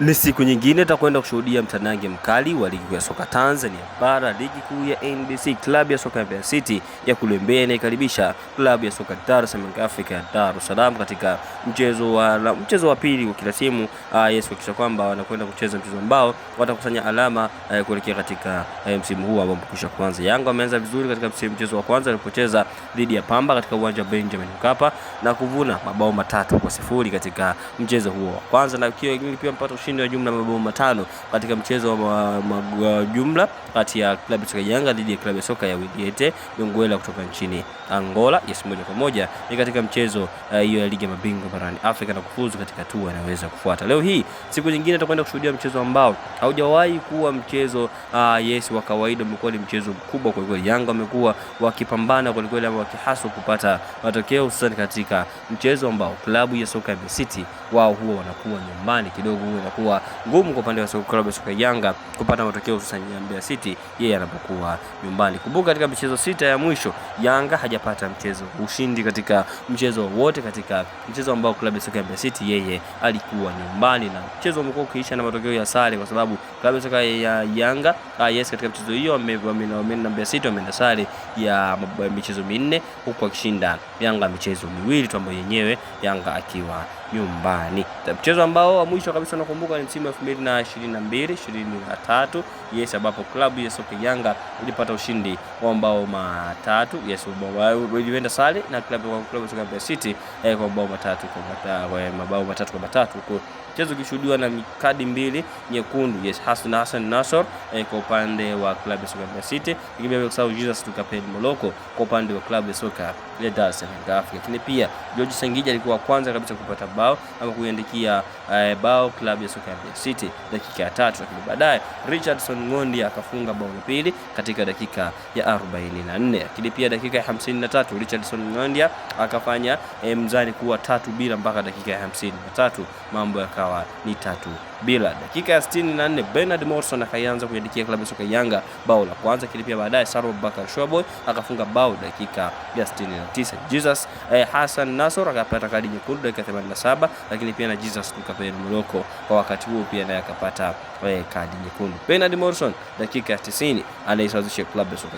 Ni siku nyingine takwenda kushuhudia mtanange mkali wa ligi kuu ya soka Tanzania Bara, ligi kuu ya NBC. Klabu ya soka Mbeya City ya kule Mbeya inaikaribisha klabu ya soka Dar es Salaam Africa ya Dar es Salaam katika mchezo wa mchezo wa pili wa kila timu uh, ah, yes, kuhakikisha kwamba wanakwenda kucheza mchezo ambao watakusanya alama uh, kuelekea katika uh, msimu huu ambao umekwisha kwanza. Yanga ameanza vizuri katika mchezo wa kwanza alipocheza dhidi ya Pamba katika uwanja wa Benjamin Mkapa na kuvuna mabao matatu kwa sifuri katika mchezo huo wa kwanza na pia mpata ushindi wa jumla mabao matano katika mchezo wa jumla kati ya klabu ya Yanga dhidi ya klabu ya soka ya Wigete Benguela kutoka nchini Angola. Yes, moja kwa moja ni katika mchezo eh, hiyo uh, ya ligi ya mabingwa barani Afrika na kufuzu katika hatua inayoweza kufuata. Leo hii siku nyingine tutakwenda kushuhudia mchezo ambao haujawahi kuwa mchezo uh, yes wa kawaida, umekuwa ni mchezo mkubwa kwa kweli. Yanga wamekuwa wakipambana kwa kweli, wakihasu kupata matokeo hususan katika mchezo ambao klabu ya soka ya City wao huwa wanakuwa nyumbani kidogo, huwa kuwa ngumu kwa upande wa klabu ya soka Yanga kupata matokeo hususan ya Mbeya City yeye anapokuwa nyumbani. Kumbuka katika michezo sita ya mwisho Yanga hajapata mchezo ushindi katika mchezo wote, katika mchezo ambao klabu ya soka ya Mbeya City yeye alikuwa nyumbani, na mchezo umekuwa ukiisha na matokeo ya sare, kwa sababu klabu ya soka ya Yanga ah, yes, katika mchezo hiyo na Mbeya City wameenda sare ya michezo minne huku akishinda Yanga michezo miwili tu ambayo yenyewe Yanga akiwa nyumbani. Mchezo ambao wa mwisho kabisa nakumbuka ni msimu wa 2022 23, yes, ambapo klabu ya soka Yanga ilipata ushindi wa mabao matatu, yes, ilienda sare na klabu ya klabu ya Mbeya City eh, kwa mabao matatu kwa mabao matatu kwa matatu huko mchezo ukishuhudiwa na mikadi mbili nyekundu, yes, Hassan Hassan Nasor eh, kwa upande wa klabu ya soka Mbeya City, kwa sababu Jesus Tukapeni Moloko kwa upande wa klabu ya soka ya Dar es Salaam Afrika, lakini pia George Sengija alikuwa kwanza kabisa kupata bao ama kuiandikia uh, bao klabu ya soka ya Mbeya City dakika ya tatu, lakini baadaye Richardson Ngondi akafunga bao la pili katika dakika ya 44, lakini pia dakika ya 53 Richardson Ngondi akafanya eh, mzani kuwa tatu bila mpaka dakika ya 53 mambo yakawa ni tatu bila. Dakika ya 64 Bernard Morrison akaanza kuiandikia klabu ya soka Yanga bao la kwanza, lakini pia baadaye Salum Bakar Shoboy akafunga bao dakika ya 69 Jesus eh, Hassan Nasor akapata kadi nyekundu dakika 87, lakini pia na Jesus Lukaben Moloko kwa wakati huo pia naye akapata eh, kadi nyekundu. Bernard Morrison dakika ya 90 anaisawazisha klabu ya soka